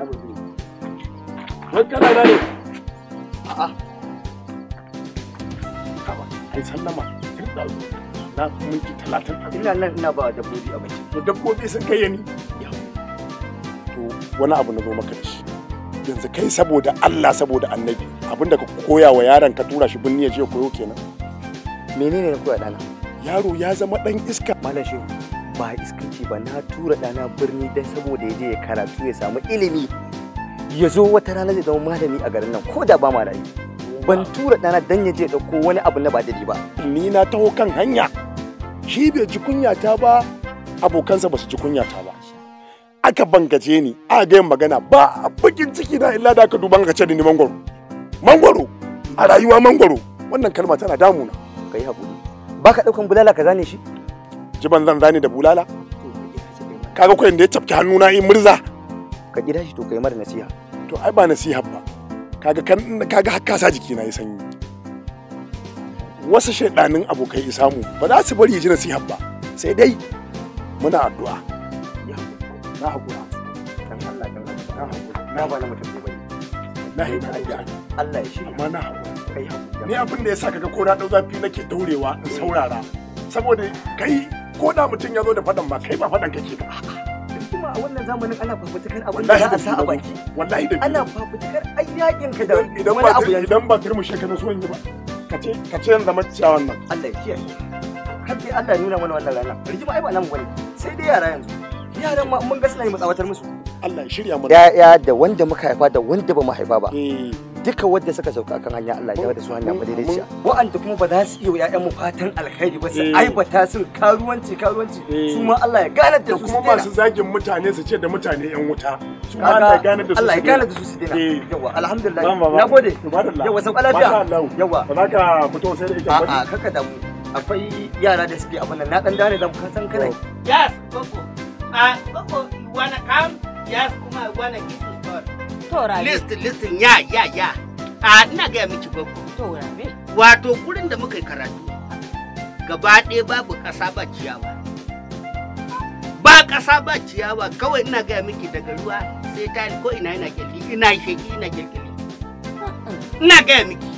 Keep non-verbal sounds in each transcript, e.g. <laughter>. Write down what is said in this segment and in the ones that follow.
abu ne wani kana na a'a haba ai sallama tun na minti talatin ina nan ina ba dabbobi abinci to dabbobi sun kai ni to wani abu na zo maka da shi yanzu kai saboda Allah saboda annabi abinda ka koya wa yaron ka tura shi binni ya koyo kenan menene ne koya dana yaro ya zama dan iska malam shehu ba iskanci ba na tura ɗana birni don saboda ya je ya karatu ya samu ilimi ya zo wata rana zai zama malami a garin nan ko da ba ma rayu ban tura ɗana don ya je ya ɗauko wani abu na ba daidai ba ni na taho kan hanya shi bai ji kunyata ba abokansa ba su ji kunyata ba aka bangaje ni a ga magana ba a bakin ciki na illa da aka duban ka ce ni mangwaro mangwaro a rayuwa mangwaro wannan kalma tana damuna kai hakuri baka daukan bulala ka zane shi jiban zan zani da bulala kaga ko da ya cafke hannuna in murza ka kira shi to kai mar nasiha to ai ba nasiha ba kaga kan kaga hakka sa jiki na yi sanyi wasu shaidanin abokai isamu ba za su bari ji nasiha ba sai dai muna addu'a na hakura dan Allah dan Allah na ba na mutum ba na haika addu'a Allah ya shi amma na hakura kai hakura ni abin da ya saka kaga ko na dau zafi nake daurewa in saurara saboda kai ko da mutum ya zo da fadan ba kai ba fadan kake ba kuma a wannan zamanin ana fafutukar abin da za a sa a baki wallahi da ana fafutukar ai yakin ka da wani abu yanzu idan ba turmushe ka na so yi ba kace kace yanzu zama ciyawan wannan Allah ya kiyaye har dai Allah ya nuna mana wannan rana ba ai ba nan bane sai dai yara yanzu yaran ma mun ga suna yi matsawatar musu Allah ya shirya mana ya ya da wanda muka haifa da wanda ba mu haifa ba eh duka wanda suka sauka kan hanya Allah ya da su hanya madaidaiciya mm. wa'anda kuma ba za su iya ya'yan mu fatan alkhairi ba su eh. aibata sun karuwanci karuwanci eh. su ma Allah ya gane da su kuma masu zagin mutane su ce da mutane ƴan wuta su ma Allah ya gane da su Allah ya gane da su su dena eh. yawa alhamdulillah nagode yawa sauka lafiya yawa ba za ka fito sai da ita ba a kaka da mu akwai yara da suke abin nan na dan dane da mu san kana yes koko a uh, koko you wanna come yes kuma i wanna give you list list ya ya ya a ah, ina gaya miki gwaggo wato gurin da muka yi karatu gaba ɗaya babu ƙasa ba ciyawa ba ƙasa ba ciyawa kawai ina gaya miki daga ruwa sai ta ko ina ina kirki ina sheki ina kirkiri ina gaya miki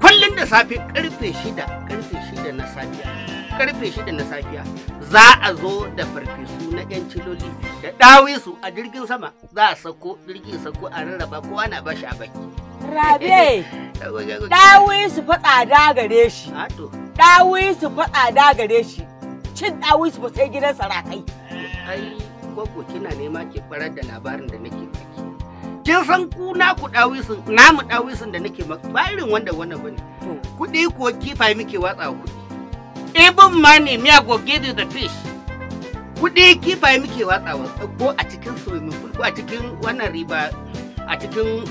kullum da safe karfe shida karfe shida na safiya karfe 6 na safiya za a zo da farfesu na yan ciloli da su a jirgin sama za a sako jirgin sako a rarraba kowa na bashi a baki. Rabe, <laughs> ɗawisu fa tsada gare shi. Ah, ɗawisu fa tsada gare shi. Cin ɗawisu fa sai gidan sarakai. Ai, gwaggo kina nema ki farar da labarin da nake baki. Kin san ku na ku ɗawisun, namu su da nake maka ba irin wanda wannan bane. Kuɗi ko kifaye muke watsa kuɗi. Even money, me I go give you the fish. Kuɗi kifaye muke watsawa ko a cikin swimming pool ko a cikin wannan riba a cikin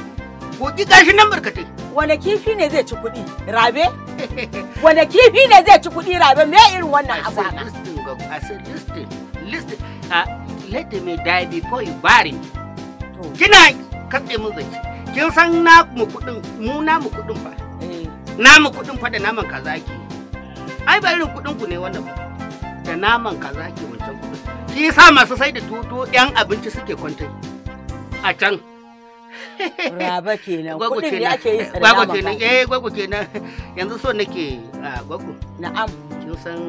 kogi gashi nan barkatai. Wane kifi ne zai ci kuɗi? Rabe? <laughs> Wane kifi ne zai ci kuɗi rabe? Me irin wannan abu go I said listen, listen, uh, let me die before you bury me. Kina katse mun zance. Kin san na mu kuɗin, mu na mu kuɗin fa. Eh. Na mu kuɗin fa da naman kaza ake. ai ba irin kudin ku ne wannan ba da naman kaza ke wancan kudin shi yasa masu sai da tuto yan abinci suke kwantai a can raba kenan kudin ne ake yi tsare gwagwa kenan eh gwagwa kenan yanzu so nake gwagwa na'am kin san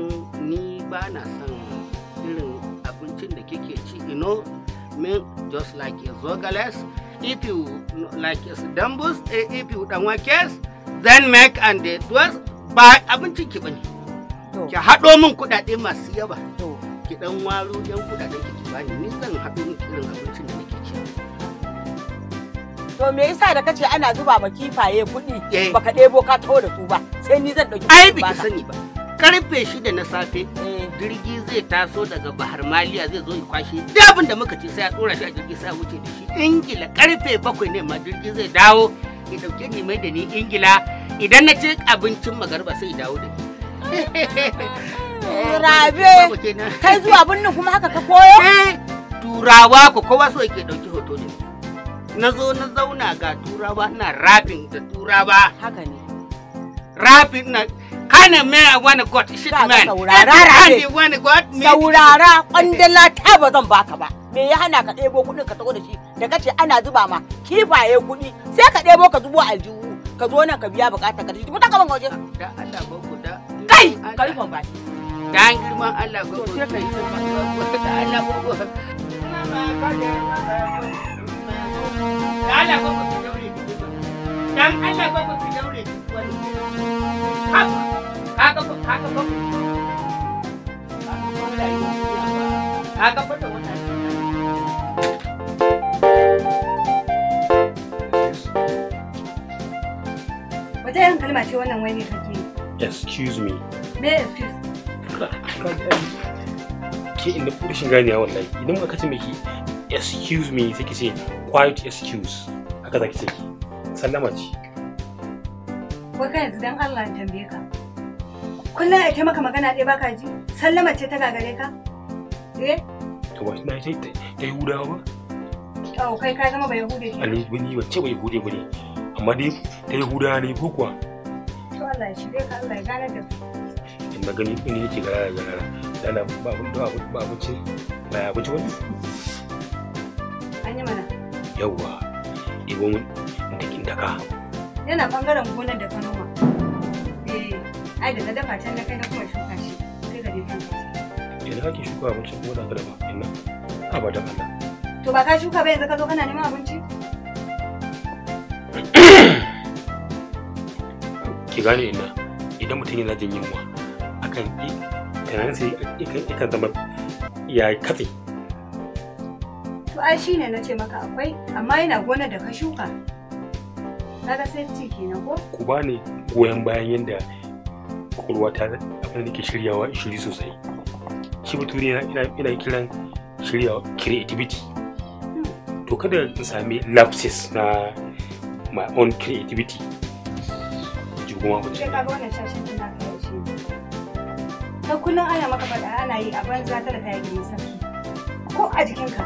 ni ba na san irin abincin da kike ci ino min just like a zogales if you like a dambus eh, if you dan wake then make and the twas ba abincin ki bane ki haɗo min kuɗaɗe masu yawa ki ɗan waro ɗan kuɗaɗe ki ki bani ni zan haɗo min irin abincin da nake ci to me yasa da kace ana zuba ma kifaye kuɗi eh. baka ɗebo ka taho da su ba sai ni zan ɗauki ai biki sani ba karfe shida na safe eh. jirgi zai taso daga bahar maliya zai zo ya kwashe dabin da muka ci sai a tsora shi a jirgi sai a wuce da shi ingila karfe bakwai ne ma jirgi zai dawo ya dauke ni mai da ni ingila idan na ci abincin magarba sai dawo da ni Rabe, kai zuwa birnin kuma haka ka koyo? Eh, turawa ko kowa so yake ɗauki hoto ne. Na zo na zauna ga turawa ina rafin da turawa. Haka ne. Rafin na kana me I wanna got shit man. Saurara rabe. Saurara kwandala ta ba zan baka ba. Me ya hana ka ɗebo kuɗin ka tago da shi da kace ana zuba ma kifaye kuɗi sai ka ɗebo ka zubo aljihu ka zo nan ka biya bukata ka ji. Mutan ka ban waje. Da Allah ba ku da kai karfan ba dan girman Allah gogo Allah Allah daure dan Allah daure wani haka haka haka fata Wata yan kalma ce wannan wai ne kake excuse me me excuse ke inda rashin ganiya wallahi idan aka ce miki excuse me sai ki ce quiet excuse haka zaki ce ki sallama ce wai yanzu dan Allah tambaye ka kullum ai ta maka magana ɗaya baka ji sallama ce ta gagare ka eh to ba na ce ta yi hudawa ba oh kai ka zama bai hude ke bai hude ba ne amma dai ta yi hudawa ne ko kuwa Allah ya shirye ne Allah ya gane da in gara da gara dana ba abun da abun ba abuci ba wani an yi mana yawa ibon dakin daka yana bangaren gonar da ka noma eh ai da na dafa can na kai na kuma shuka shi kai ga dai idan kake shuka abincin gona ka dafa ina a ba da Allah to ba ka shuka ba yanzu ka zo kana neman abinci ki gane ina idan mutum yana jin yunwa akan tunanin sai ikan zama ya katse to ai shine na ce maka akwai amma yana gonar da ka shuka ga sai ci kenan ko ku ba ni goyon bayan yadda kwakwalwa ta abin da ke shiryawa shiri sosai shi bature yana kiran shiryawa creativity hmm. to kada in sami lapses na my own creativity kuma ba ce kaga wannan shashin tana kai shi ta kullun ana maka fada ana yi a banza ta da ta yi sarki ko a jikinka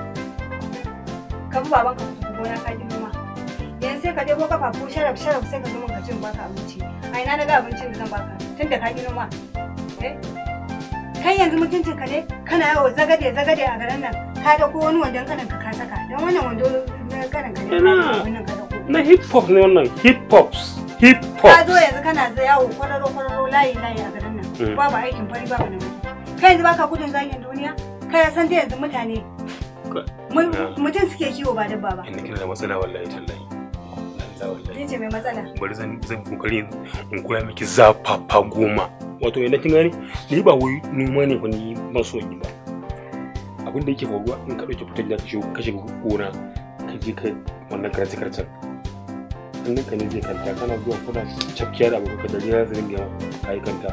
ka bi babanka ku gona ka girma yanzu sai ka je ko kafa ko sharaf sharaf sai ka zama ka cin baka abinci a ina na ga abincin da zan baka tun da ka girma eh kai yanzu mutuncin ka ne kana yawo zagade zagade a garin nan ka da ko wani wandon kanan ka saka dan wannan wando na kanan ka ne na hip hop ne wannan hip hops hip hop ka zo yanzu kana za yawo kwararo kwararo layi layi a garin nan eh. babu aikin fari babu na kai yanzu baka gudun zagin duniya ya san yanzu mutane mutum suke kiwo ba dabba ba inda kina da matsala wallahi tallahi Ni ce mai matsala. Bari zan zan kokari in koya miki zafafa goma. Wato yanda kin gani ni ba wai noma ne ba ni ban so yi ba. Abin da yake faruwa in ka dauke fitar da kashe gona ka je ka wannan karatu kullum ka ne zai kanta kana zuwa kuna cakkiyar da abokan da zai ringa kayi kanta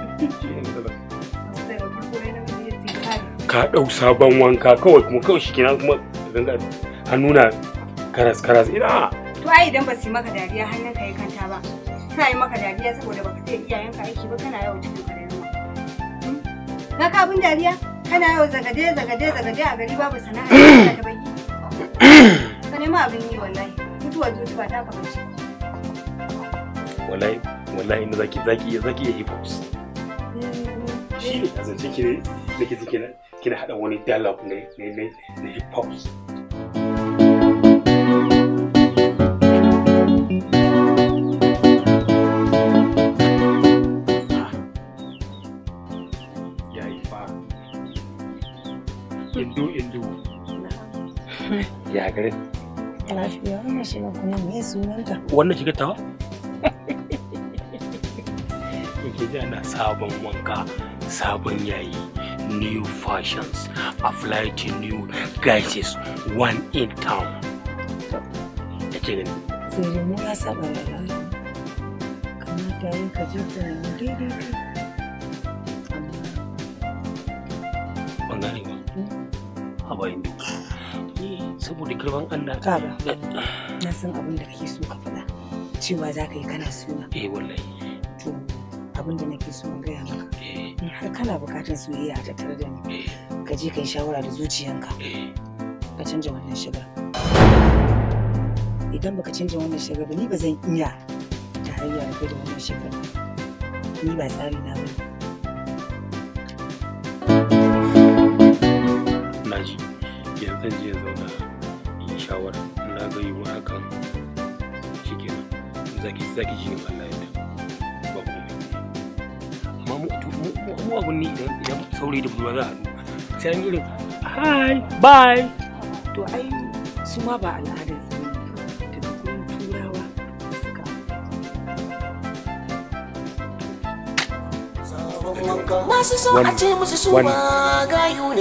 ka dau sabon wanka kawai kuma kawai shi kuma zanga hannuna karas karas ina to ai idan ba su yi maka dariya hannun ka yi kanta ba suna yi maka dariya saboda baka iya iyayenka aiki ba kana yawan cikin ka da yunwa ka abin dariya kana yawan zagade zagade zagade a gari babu sana'a ta baki ka nema abin yi wallahi mutuwar zuciya ta kamar shi wallahi wallahi inda zaki zaki iya zaki iya hip hop shi ne kasance ki ne da ki kina kina hada wani dialogue ne ne ne hip hop Indo Indo. Ya gare. Lafiya wannan shiga kuma me sunanta? Wannan shiga tawa? sabon wanka sabon yayi new fashions apply to new guises one in town da ke gani sai mu ya saba da kamata yi ka je da daidai ban gane ba hmm? a bayan saboda girman Allah ka ba na san abin da kake so ka faɗa cewa za ka yi kana suna eh wallahi abin da nake so gaya maka in har kana bukatar soyayya a tattare da ni ka je ka yi shawara da zuciyanka ka canja wannan shigar idan baka canja wannan shigar ba ni ba zan iya tarayya da kai da wannan shigar ni ba tsari na ba naji yanzu je zauna yi shawara na ga yiwu hakan shi kenan zaki zaki ji Allah mu abun ni idan saurayi da budurwa za a sai an irin hi bye to ai su ma ba al'adar su ne da gurin turawa suka masu son a ce musu su ma gayu ne